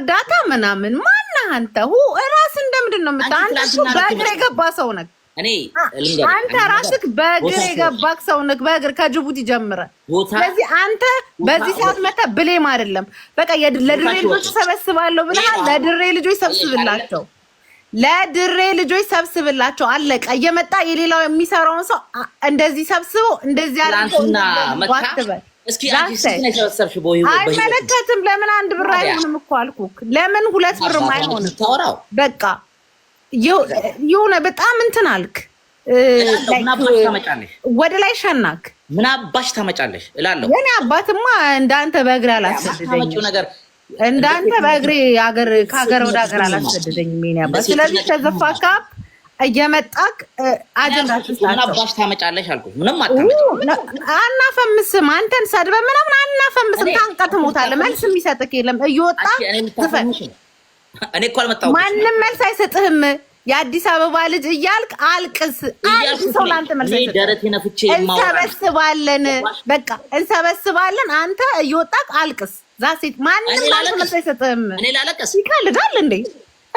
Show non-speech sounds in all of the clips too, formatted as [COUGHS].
እርዳታ ምናምን ማና አንተ? ሁ እራስህ እንደምንድን ነው የምታ አንተ በእግር የገባ ሰው ነህ። አንተ ራስክ በእግር የገባክ ሰው ነህ። በእግር ከጅቡቲ ጀምረ። ስለዚህ አንተ በዚህ ሰዓት መተ ብሌም አይደለም። በቃ ለድሬ ልጆች ሰበስባለሁ ብለሃል። ለድሬ ልጆች ሰብስብላቸው፣ ለድሬ ልጆች ሰብስብላቸው። አለቀ። እየመጣ የሌላው የሚሰራውን ሰው እንደዚህ ሰብስበው እንደዚህ አለ አድርገው እስኪ አይመለከትም። ለምን አንድ ብር አይሆንም እኮ አልኩክ። ለምን ሁለት ብር አይሆንም? በቃ የሆነ በጣም እንትን አልክ። ወደ ላይ ሸናክ። ምን አባሽ ታመጫለሽ እላለሁ። የኔ አባትማ እንዳንተ በእግሬ አላስደደኝም። እንዳንተ በእግሬ ሀገር ከሀገር ወደ ሀገር አላስደደኝም የኔ አባት። ስለዚህ ተዘፋካ እየመጣክ አጀንዳሽ ታመጫለሽ አልኩ። ምንም አናፈምስም፣ አንተን ሰድበ ምናምን አናፈምስም። ታንቀት ሞታለ መልስ የሚሰጥክ የለም። እየወጣ ማንም መልስ አይሰጥህም። የአዲስ አበባ ልጅ እያልክ አልቅስ። አንድ ሰው ለአንተ መልስ እንሰበስባለን፣ በቃ እንሰበስባለን። አንተ እየወጣክ አልቅስ። ዛሴት ማንም መልስ አይሰጥህም። ይቀልዳል እንዴ?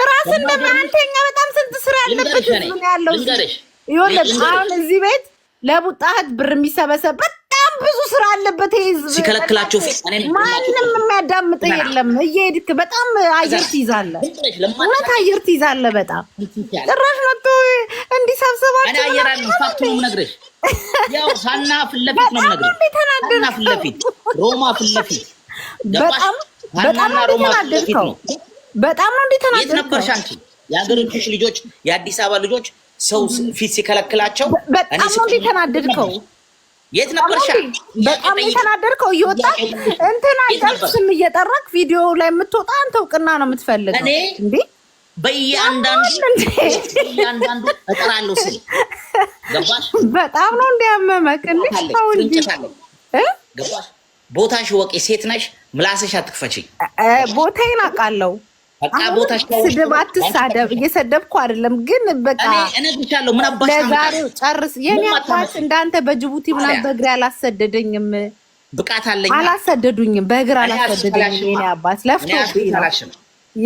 ራስን በመሀንተኛ በጣም ስንት ስራ ያለበት ነው ያለው። ይኸውልህ አሁን እዚህ ቤት ለቡጣህት ብር የሚሰበሰብ በጣም ብዙ ስራ አለበት ህዝብ። ሲከለክላቸው ማንም የሚያዳምጥ የለም። እየሄድክ በጣም አየር ትይዛለህ፣ እውነት አየር ትይዛለህ። በጣም ጭራሽ መጥቶ እንዲሰብሰባቸው ፋክቱም ነግረሽ ያው ሀና ፊት ለፊት ነው ፍለፊት ሮማ ፍለፊት በጣም በጣም በጣም ነው በጣም ነው እንደተናገርኩት። የት ነበርሽ አንቺ? የሀገሮችሽ ልጆች የአዲስ አበባ ልጆች ሰው ፊት ሲከለክላቸው በጣም ነው እንደተናደድከው። የት ነበርሽ? በጣም የተናደድከው እየወጣ እንትን አይቀርም ስም እየጠራክ ቪዲዮ ላይ የምትወጣ አንተ እውቅና ነው የምትፈልገው እንዴ? በእያንዳንዱ በእያንዳንዱ እጠራለሁ ስል ገባሽ? በጣም ነው እንዲያመመክ እንዴ? ሰው እንጂ ገባሽ? ቦታሽ ወቂ ሴት ነሽ። ምላስሽ አትክፈችኝ። ቦታዬን አውቃለሁ። በቃ ቦታ ስድብ አትሳደብ። እየሰደብኩ አይደለም ግን በቃ እነግርሻለሁ። ምን አባሽ ለዛሬው ጨርስ። የኔ አባት እንዳንተ በጅቡቲ ምናምን በእግሬ አላሰደደኝም፣ ብቃት አለኝ። አላሰደዱኝም፣ በእግር አላሰደደኝም። የኔ አባት ለፍቶ ነው።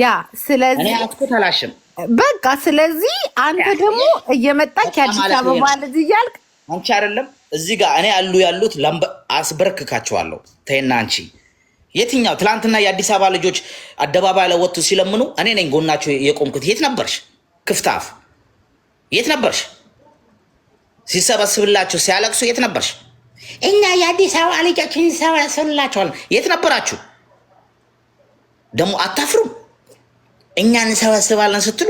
ያ ስለዚህ አላሽም በቃ ስለዚህ አንተ ደግሞ እየመጣች የአዲስ አበባ ልጅ እያልክ አንቺ አይደለም እዚህ ጋር እኔ ያሉ ያሉት አስበርክካቸዋለሁ። ተይና አንቺ የትኛው ትላንትና የአዲስ አበባ ልጆች አደባባይ ላይ ወጥቶ ሲለምኑ እኔ ነኝ ጎናቸው የቆምኩት። የት ነበርሽ? ክፍታፍ የት ነበርሽ? ሲሰበስብላቸው ሲያለቅሱ የት ነበርሽ? እኛ የአዲስ አበባ ልጆች እንሰበስብላቸዋል። የት ነበራችሁ? ደግሞ አታፍሩም? እኛ እንሰበስባለን ስትሉ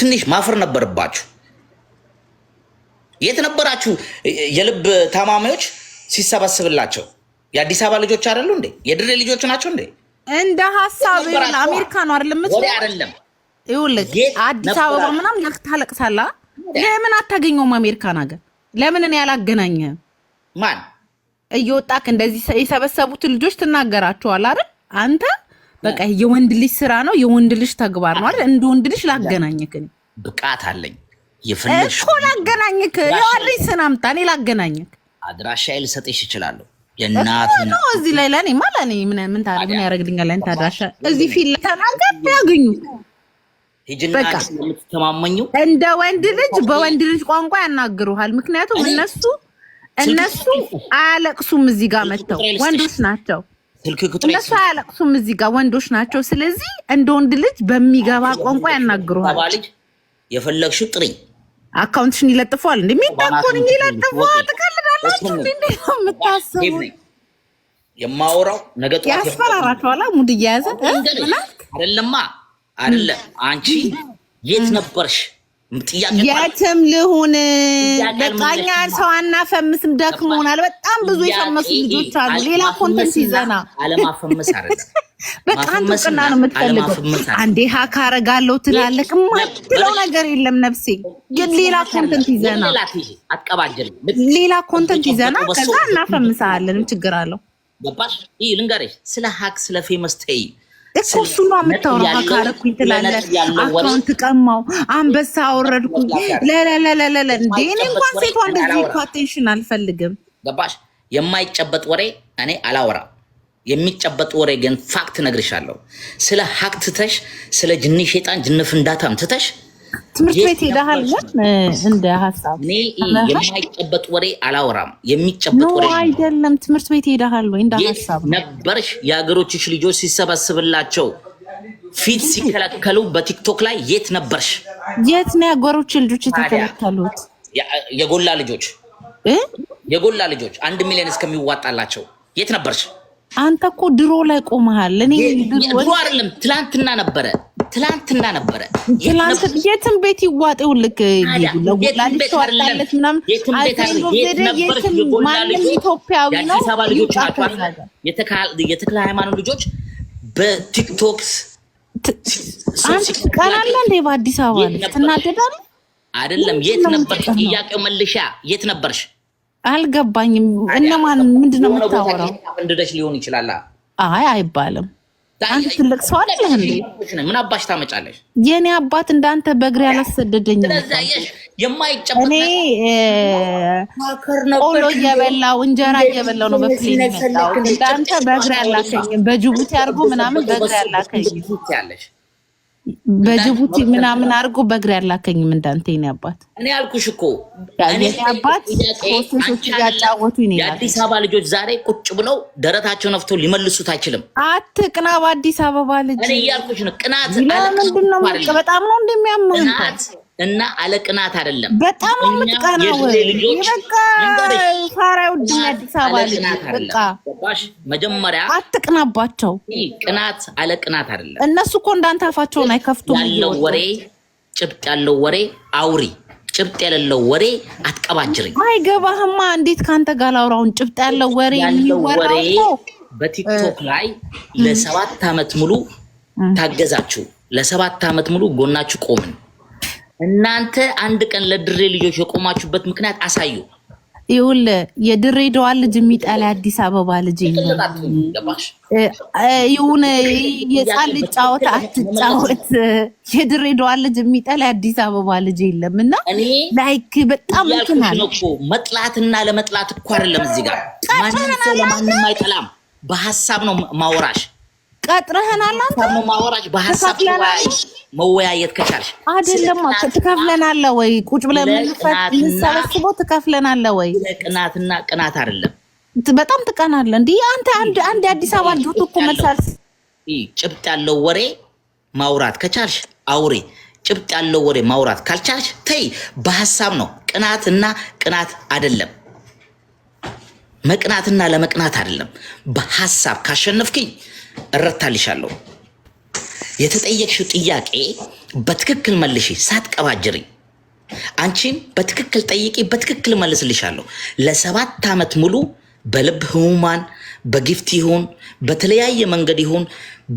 ትንሽ ማፍር ነበርባችሁ። የት ነበራችሁ? የልብ ታማሚዎች ሲሰበስብላቸው የአዲስ አበባ ልጆች አይደሉ እንዴ? የድሬ ልጆች ናቸው እንዴ? እንደ ሀሳብ አሜሪካ ነው አይደለም አይደለም። ይኸውልህ አዲስ አበባ ምናምን ልክ ታለቅሳለህ። ለምን አታገኘውም አሜሪካን ሀገር? ለምን እኔ ያላገናኘህም? ማን እየወጣክ እንደዚህ የሰበሰቡትን ልጆች ትናገራቸዋል አይደል? አንተ በቃ የወንድ ልጅ ስራ ነው የወንድ ልጅ ተግባር ነው አይደል? እንደ ወንድ ልጅ ላገናኘክ ብቃት አለኝ እኮ ላገናኘክ። የዋልኝ ስናምጣ እኔ ላገናኘክ አድራሻዬ ልሰጥሽ እችላለሁ የእናት ነው። እዚህ ላይ ለኔ ማ ለኔ ምን ምን ምን ያደርግልኛል? አንተ አድራሻ እዚህ ፊት ለተናገር ያገኙ በቃ እንደ ወንድ ልጅ በወንድ ልጅ ቋንቋ ያናግሩሃል። ምክንያቱም እነሱ እነሱ አያለቅሱም እዚህ ጋር መጥተው ወንዶች ናቸው። እነሱ አያለቅሱም እዚህ ጋር ወንዶች ናቸው። ስለዚህ እንደ ወንድ ልጅ በሚገባ ቋንቋ ያናግሩሃል። የፈለግሽው ጥሪ አካውንትሽን ይለጥፈዋል እንደሚጠቁን ይለጥፈዋል። የማወራው ነገ ጠዋት ያስፈራራችኋላ። ሙድ አይደለማ አይደለም። አንቺ የት ነበርሽ? የትም ልሁን በቃኛ ሰው አናፈምስም። ደክሞናል። በጣም ብዙ የፈመሱ ልጆች አሉ። ሌላ ኮንተንት ይዘና በጣም ጥቅና [LAUGHS] ነው የምትፈልገው። አንዴ ሀክ አረጋለሁ ትላለህ። የማትለው ነገር የለም ነፍሴ። ግን ሌላ ኮንተንት ይዘና ሌላ ኮንተንት ይዘና ከዛ እናፈምሳለን። ችግር አለው። ገባሽ? ይህ ልንገርሽ ስለ ሀክ ስለ ፌመስ ተይ እኮ እሱ ነው የምታወራው። ካረኩኝ ትላለህ፣ አካውንት ቀማው፣ አንበሳ አወረድኩኝ። ለለለለለ እንዴ እኔ እንኳን ሴቷ እንደዚህ እኮ አቴንሽን አልፈልግም። ገባሽ? የማይጨበጥ ወሬ እኔ አላወራ የሚጨበጥ ወሬ ግን ፋክት ነግርሻለሁ። ስለ ሀቅ ትተሽ ስለ ጅኒ ሸጣን ጅን ፍንዳታም ትተሽ ትምህርት ቤት ሄደሃል? እንደ ሀሳብ የማይጨበጥ ወሬ አላወራም። የሚጨበጥ ወሬ አይደለም። ትምህርት ቤት ሄደሃል ወይ? እንደ ሀሳብ ነበርሽ? የሀገሮችሽ ልጆች ሲሰበስብላቸው ፊት ሲከለከሉ በቲክቶክ ላይ የት ነበርሽ? የት ነው የሀገሮች ልጆች የተከለከሉት? የጎላ ልጆች የጎላ ልጆች አንድ ሚሊዮን እስከሚዋጣላቸው የት ነበርሽ? አንተ እኮ ድሮ ላይ ቆመሃል። እኔ ድሮ አይደለም ትላንትና ነበረ፣ ትላንትና ነበረ። የትም ቤት ይዋጤው ልክ ለጎላልቸዋለት ምናምን ማንም ኢትዮጵያዊ ነው። የተክለ ሃይማኖት ልጆች በቲክቶክ ቀናለ እንዴ? በአዲስ አበባ ትናደዳል አይደለም። የት ነበርሽ? ጥያቄው መልሻ የት ነበርሽ? አልገባኝም። እነማን ምንድን ነው የምታወራው? እንድደሽ ሊሆን ይችላል። አይ አይባልም። አንተ ትልቅ ሰው አይደለህ ምን አባሽ ታመጫለሽ? የእኔ አባት እንዳንተ በእግር ያላሰደደኝ እኔ ቆሎ እየበላው እንጀራ እየበላው ነው በፕሌን የመጣው። እንዳንተ በእግር ያላከኝም በጅቡቲ አድርጎ ምናምን በእግር ያላከኝ በጅቡቲ ምናምን አድርጎ በእግር ያላከኝም እንዳንተ የእኔ አባት። እኔ ያልኩሽ እኮ ያጫወቱ የአዲስ አበባ ልጆች ዛሬ ቁጭ ብለው ደረታቸው ነፍቶ ሊመልሱት አይችልም። አትቅና በአዲስ አበባ ልጅ እኔ እያልኩሽ ነው። ቅናት ለምንድን ነው? በጣም ነው እንደሚያምህ እና አለቅናት አይደለም። በጣም የምትቀናው መጀመሪያ አትቅናባቸው። ቅናት አለቅናት አይደለም። እነሱ እኮ እንዳንተ አፋቸውን አይከፍቱም። ያለው ወሬ ጭብጥ ያለው ወሬ አውሪ፣ ጭብጥ የሌለው ወሬ አትቀባጅረኝ። አይገባህማ። እንዴት ከአንተ ጋር ላውራውን? ጭብጥ ያለው ወሬ ወሬ በቲክቶክ ላይ ለሰባት ዓመት ሙሉ ታገዛችሁ። ለሰባት ዓመት ሙሉ ጎናችሁ ቆምን። እናንተ አንድ ቀን ለድሬ ልጆች የቆማችሁበት ምክንያት አሳዩ። ይሁል የድሬዳዋ ልጅ የሚጠላ አዲስ አበባ ልጅ ይሁን የጻል ጫወት አትጫወት። የድሬዳዋ ልጅ የሚጠላ አዲስ አበባ ልጅ የለም። እና ላይክ በጣም እንትናል መጥላትና ለመጥላት እኮ አይደለም እዚህ ጋር ማንም ሰው ለማንም አይጠላም። በሀሳብ ነው ማውራሽ ቀጥረህናል። አንተ ማወራሽ በሀሳብ መወያየት ከቻልሽ አይደለም ትከፍለናለህ ወይ? ቁጭ ብለን የምንሰበስበው ትከፍለናለህ ወይ? ቅናትና ቅናት አይደለም። በጣም ትቀናለህ። እንዲህ አንተ አንድ አንድ አዲስ አበባ ልጆት እኮ መልሳል። ጭብጥ ያለው ወሬ ማውራት ከቻልሽ አውሬ ጭብጥ ያለው ወሬ ማውራት ካልቻልሽ ተይ። በሀሳብ ነው ቅናትና ቅናት አይደለም። መቅናትና ለመቅናት አይደለም። በሀሳብ ካሸነፍክኝ እረታልሻለሁ። የተጠየቅሽው ጥያቄ በትክክል መልሽ፣ ሳትቀባጅሪ። አንቺን በትክክል ጠይቂ፣ በትክክል መልስልሻለሁ። ለሰባት ዓመት ሙሉ በልብ ህሙማን በጊፍት ይሁን በተለያየ መንገድ ይሁን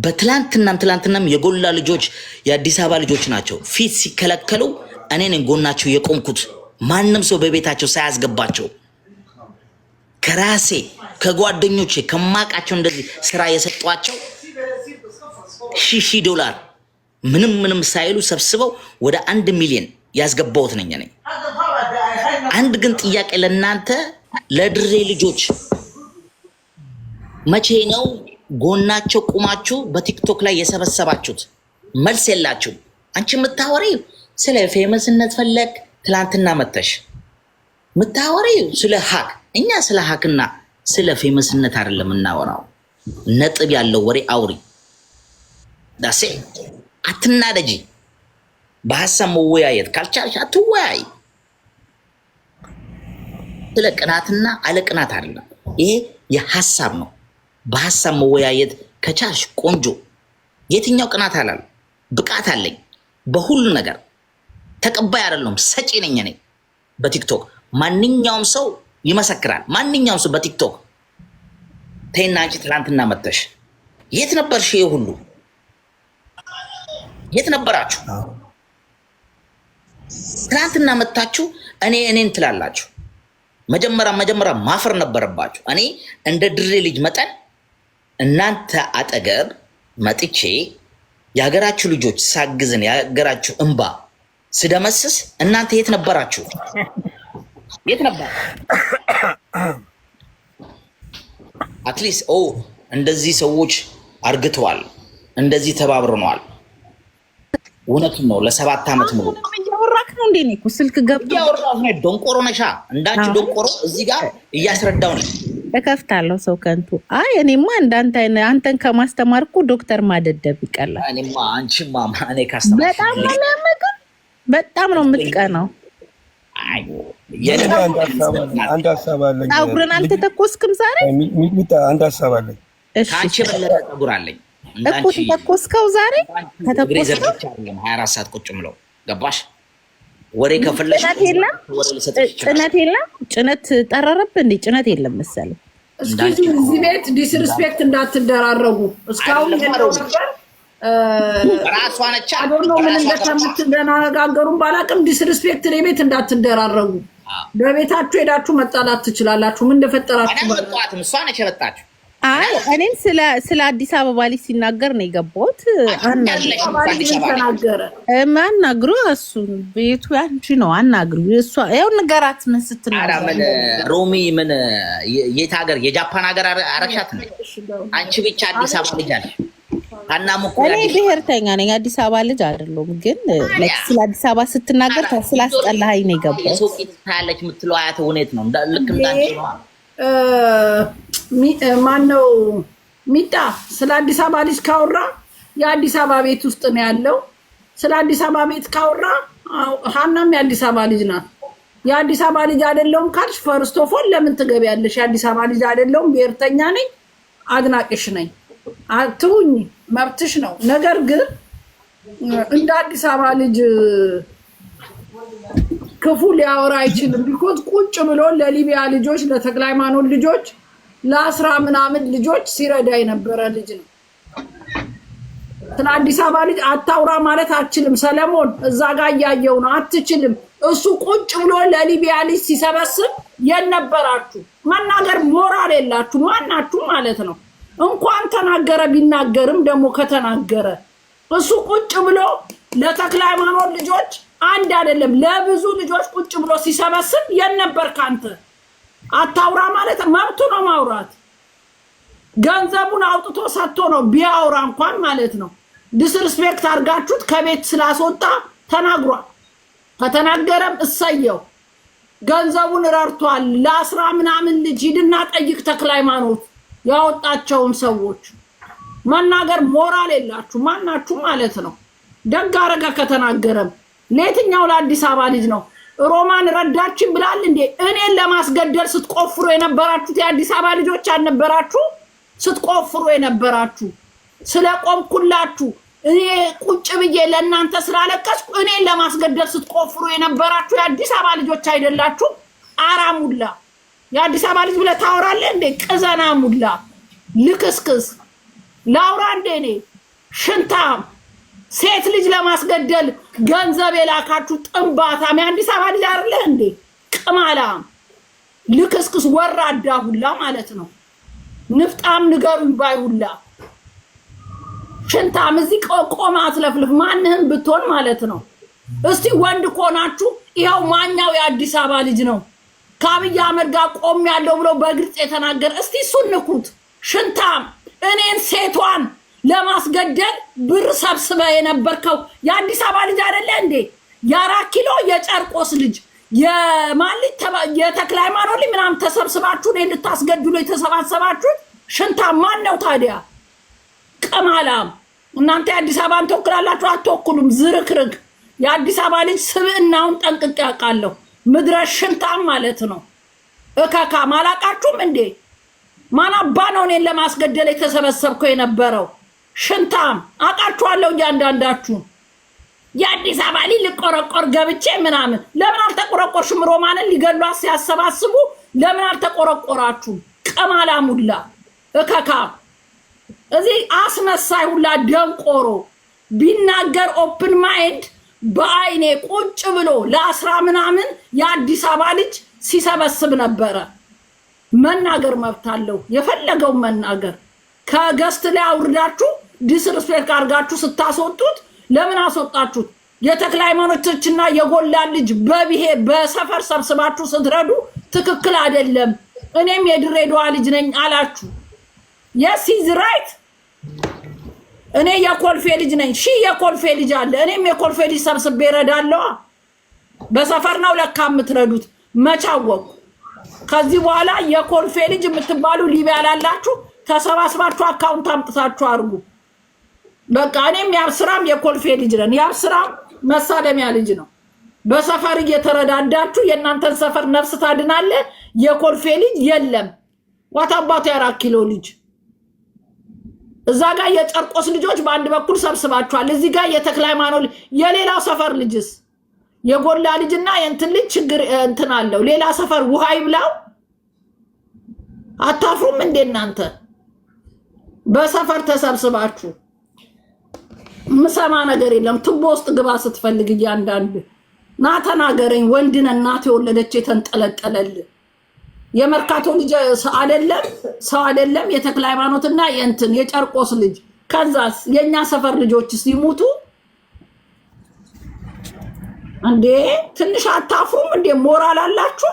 በትላንትናም ትላንትናም የጎላ ልጆች የአዲስ አበባ ልጆች ናቸው። ፊት ሲከለከሉ እኔ ጎናቸው የቆምኩት ማንም ሰው በቤታቸው ሳያስገባቸው ከራሴ ከጓደኞቼ ከማቃቸው እንደዚህ ስራ የሰጧቸው ሺህ ሺህ ዶላር ምንም ምንም ሳይሉ ሰብስበው ወደ አንድ ሚሊዮን ያስገባሁት ነኝ ነኝ። አንድ ግን ጥያቄ ለእናንተ ለድሬ ልጆች መቼ ነው ጎናቸው ቁማችሁ በቲክቶክ ላይ የሰበሰባችሁት? መልስ የላችሁም። አንቺ የምታወሪ ስለ ፌመስነት ፈለግ ትላንትና መተሽ ምታወሪ ስለ ሀቅ እኛ ስለ ሀቅና ስለ ፌመስነት አይደለም እናወራው። ነጥብ ያለው ወሬ አውሪ ዳሴ። አትናደጂ። በሀሳብ መወያየት ካልቻለሽ አትወያይ። ስለ ቅናትና አለ ቅናት አይደለም ይሄ የሀሳብ ነው። በሀሳብ መወያየት ከቻልሽ ቆንጆ። የትኛው ቅናት አላል ብቃት አለኝ በሁሉ ነገር ተቀባይ አይደለሁም ሰጪ ነኝ እኔ በቲክቶክ ማንኛውም ሰው ይመሰክራል። ማንኛውም ሰው በቲክቶክ ተይና አንቺ ትላንትና መተሽ የት ነበርሽ? ይሄ ሁሉ የት ነበራችሁ? ትላንትና መታችሁ እኔ እኔን ትላላችሁ። መጀመሪያ መጀመሪያ ማፈር ነበረባችሁ። እኔ እንደ ድሬ ልጅ መጠን እናንተ አጠገብ መጥቼ የሀገራችሁ ልጆች ሳግዝን የሀገራችሁ እንባ ስደመስስ እናንተ የት ነበራችሁ? የት ነበር? አትሊስት [COUGHS] ኦ oh, እንደዚህ ሰዎች አርግተዋል፣ እንደዚህ ተባብረነዋል። እውነቱን ነው። ለሰባት ዓመት ሙሉ እያወራክ ነው እንዴ? እኔ እኮ ስልክ ገብቶ እያወራሁ ነው። ዶንቆሮ ነሻ፣ እንዳንቺ ዶንቆሮ እዚህ ጋር እያስረዳው ነው። እከፍታለሁ ሰው ከንቱ። አይ እኔማ እንዳንተ አንተን ከማስተማርኩ ዶክተር ማደደብ ይቀላል። እኔማ አንቺማ እኔ ካስተማርኩ በጣም ነው የምትቀናው። አንድ ሀሳብ አለኝ። ፀጉርን አልተተኮስክም ዛሬ? አንድ ሀሳብ አለኝ። ከአንቺ የበለጠ ፀጉር አለኝ እኮ ተተኮስከው ዛሬ ከተኮስከው፣ ሀያ አራት ሰዓት ቁጭ ብለው ገባሽ? ወሬ ከፈለሽ ጭነት የለም። ጭነት ጠረረብ እንዴ? ጭነት የለም መሰለኝ። እስኪ እዚህ ቤት ዲስሪስፔክት እንዳትደራረጉ እስካሁን ራሷነቻ ምን እንደምትደናጋገሩም ባላቅም፣ ዲስሪስፔክት ቤት እንዳትደራረጉ። በቤታችሁ ሄዳችሁ መጣላት ትችላላችሁ። ምን እንደፈጠራችሁ እሷ ነች የመጣችሁ። አይ እኔም ስለ አዲስ አበባ ልጅ ሲናገር ነው የገባሁት። ተናገረ አናግሩ፣ እሱ ቤቱ ያንቺ ነው አናግሩ። ያው ንገራት ምን ስትናምን ሮሚ ምን የት ሀገር የጃፓን ሀገር አረግሻት ነው አንቺ ብቻ አዲስ አበባ ልጅ አለ እኔ ብሔርተኛ ነኝ፣ አዲስ አበባ ልጅ አይደለሁም። ግን ስለ አዲስ አበባ ስትናገር ስላስጠላኸኝ ነው ታያለች የምትለው አያት እውነት ነው። ልክ ማነው ሚጣ ስለ አዲስ አበባ ልጅ ካወራ የአዲስ አበባ ቤት ውስጥ ነው ያለው። ስለ አዲስ አበባ ቤት ካወራ ሀናም የአዲስ አበባ ልጅ ናት። የአዲስ አበባ ልጅ አይደለሁም ካልሽ ፈርስቶፎን ለምን ትገቢያለሽ? የአዲስ አበባ ልጅ አይደለሁም፣ ብሄርተኛ ነኝ፣ አድናቂሽ ነኝ። አትሁኝ መብትሽ ነው። ነገር ግን እንደ አዲስ አበባ ልጅ ክፉ ሊያወራ አይችልም። ቢኮት ቁጭ ብሎ ለሊቢያ ልጆች፣ ለተክለ ሃይማኖት ልጆች፣ ለአስራ ምናምን ልጆች ሲረዳ የነበረ ልጅ ነው። ስለ አዲስ አበባ ልጅ አታውራ ማለት አትችልም። ሰለሞን እዛ ጋር እያየው ነው። አትችልም። እሱ ቁጭ ብሎ ለሊቢያ ልጅ ሲሰበስብ የነበራችሁ መናገር ሞራል የላችሁ ማናችሁ ማለት ነው። እንኳን ተናገረ ቢናገርም ደግሞ ከተናገረ እሱ ቁጭ ብሎ ለተክለ ሃይማኖት ልጆች አንድ አይደለም ለብዙ ልጆች ቁጭ ብሎ ሲሰበስብ የነበር ካንተ አታውራ ማለት መብቱ ነው። ማውራት ገንዘቡን አውጥቶ ሰጥቶ ነው ቢያውራ እንኳን ማለት ነው። ዲስርስፔክት አድርጋችሁት ከቤት ስላስወጣ ተናግሯል። ከተናገረም እሰየው። ገንዘቡን ረድቷል። ለአስራ ምናምን ልጅ ሂድና ጠይቅ ተክለ ሃይማኖት ያወጣቸውን ሰዎች መናገር ሞራል የላችሁ ማናችሁ ማለት ነው። ደግ አረጋ ከተናገረም ለየትኛው ለአዲስ አበባ ልጅ ነው? ሮማን ረዳችን ብላል እንዴ? እኔን ለማስገደል ስትቆፍሩ የነበራችሁት የአዲስ አበባ ልጆች አልነበራችሁ? ስትቆፍሩ የነበራችሁ ስለ ቆምኩላችሁ እኔ ቁጭ ብዬ ለእናንተ ስላለቀስኩ እኔን ለማስገደል ስትቆፍሩ የነበራችሁ የአዲስ አበባ ልጆች አይደላችሁ? አራሙላ የአዲስ አበባ ልጅ ብለህ ታወራለህ እንዴ? ቅዘና ሙላ ልክስክስ ላውራ እንዴ? እኔ ሽንታም ሴት ልጅ ለማስገደል ገንዘብ የላካችሁ ጥንባታም የአዲስ አበባ ልጅ አይደለህ እንዴ? ቅማላም ልክስክስ ወራዳ ሁላ ማለት ነው። ንፍጣም ንገሩኝ ባይ ሁላ ሽንታም እዚህ ቆማ አትለፍልፍ፣ ማንህም ብትሆን ማለት ነው። እስቲ ወንድ ከሆናችሁ ይኸው ማኛው የአዲስ አበባ ልጅ ነው ከአብይ አህመድ ጋር ቆም ያለው ብሎ በግልጽ የተናገረ እስቲ እሱን ንኩት። ሽንታም እኔን ሴቷን ለማስገደል ብር ሰብስበ የነበርከው የአዲስ አበባ ልጅ አይደለ እንዴ? የአራት ኪሎ የጨርቆስ ልጅ የማልጅ የተክለ ሃይማኖት ልጅ ምናምን ተሰብስባችሁ እኔን ልታስገድሉ የተሰባሰባችሁት ሽንታም ማን ነው ታዲያ? ቅማላም እናንተ የአዲስ አበባን ትወክላላችሁ? አትወክሉም። ዝርክርክ የአዲስ አበባ ልጅ ስብዕናውን ጠንቅቄ አውቃለሁ። ምድረ ሽንታም ማለት ነው። እከካም ማላቃችሁም እንዴ? ማናባ ነው እኔን ለማስገደል የተሰበሰብከው የነበረው ሽንታም። አውቃችኋለሁ እያንዳንዳችሁ። የአዲስ አበባ ልቆረቆር ገብቼ ምናምን ለምን አልተቆረቆርሽም? ሮማንን ሊገሏት ሲያሰባስቡ ለምን አልተቆረቆራችሁ? ቅማላም ሁላ እከካ እዚህ አስመሳይ ሁላ ደንቆሮ ቢናገር ኦፕን ማይንድ በአይኔ ቁጭ ብሎ ለአስራ ምናምን የአዲስ አበባ ልጅ ሲሰበስብ ነበረ። መናገር መብት አለው፣ የፈለገው መናገር። ከገስት ላይ አውርዳችሁ ዲስርስፔክት አርጋችሁ ስታስወጡት ለምን አስወጣችሁት? የተክለ ሃይማኖቶችና የጎላ ልጅ በብሄ በሰፈር ሰብስባችሁ ስትረዱ ትክክል አይደለም። እኔም የድሬዳዋ ልጅ ነኝ አላችሁ። የስ ራይት እኔ የኮልፌ ልጅ ነኝ። ሺ የኮልፌ ልጅ አለ። እኔም የኮልፌ ልጅ ሰብስቤ እረዳለዋ። በሰፈር ነው ለካ የምትረዱት። መቻወቁ ከዚህ በኋላ የኮልፌ ልጅ የምትባሉ ሊቢያ ላላችሁ ተሰባስባችሁ አካውንት አምጥታችሁ አድርጉ። በቃ እኔም የአብስራም የኮልፌ ልጅ ነን። የአብስራም መሳለሚያ ልጅ ነው። በሰፈር እየተረዳዳችሁ የእናንተን ሰፈር ነፍስ ታድናለ። የኮልፌ ልጅ የለም። ዋታባቱ የአራት ኪሎ ልጅ እዛ ጋር የጨርቆስ ልጆች በአንድ በኩል ሰብስባችኋል። እዚህ ጋር የተክለ ሃይማኖት የሌላው ሰፈር ልጅስ የጎላ ልጅና የእንትን ልጅ ችግር እንትን አለው። ሌላ ሰፈር ውሃ ይብላው። አታፍሩም እንዴ እናንተ? በሰፈር ተሰብስባችሁ ምሰማ ነገር የለም። ትቦ ውስጥ ግባ ስትፈልግ እያንዳንድ ናተናገረኝ ተናገረኝ። ወንድን እናት የወለደች የተንጠለጠለል የመርካቶ ልጅ አይደለም ሰው አይደለም። የተክለ ሃይማኖትና የእንትን የጨርቆስ ልጅ ከዛስ የእኛ ሰፈር ልጆች ሲሞቱ እንዴ ትንሽ አታፍሩም እንዴ? ሞራል አላችሁ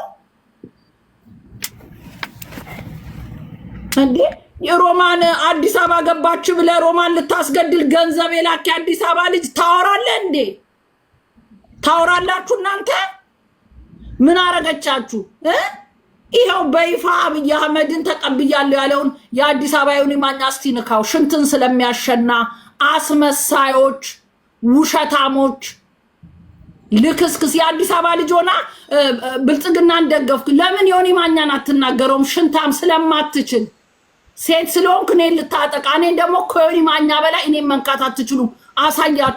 እንዴ? የሮማን አዲስ አበባ ገባች ብለ ሮማን ልታስገድል ገንዘብ የላክ አዲስ አበባ ልጅ ታወራለ እንዴ? ታወራላችሁ እናንተ ምን አረገቻችሁ? ይኸው በይፋ አብይ አህመድን ተቀብያለሁ ያለውን የአዲስ አበባ ዩኒ ማኛ እስቲ ንካው። ሽንትን ስለሚያሸና አስመሳዮች፣ ውሸታሞች፣ ልክስክስ የአዲስ አበባ ልጅ ሆና ብልጽግናን ደገፍክ። ለምን ዩኒ ማኛን አትናገረውም? ሽንታም ስለማትችል ሴት ስለሆንክ እኔን ልታጠቃ፣ እኔን ደግሞ ከዩኒ ማኛ በላይ እኔን መንካት አትችሉም። አሳያ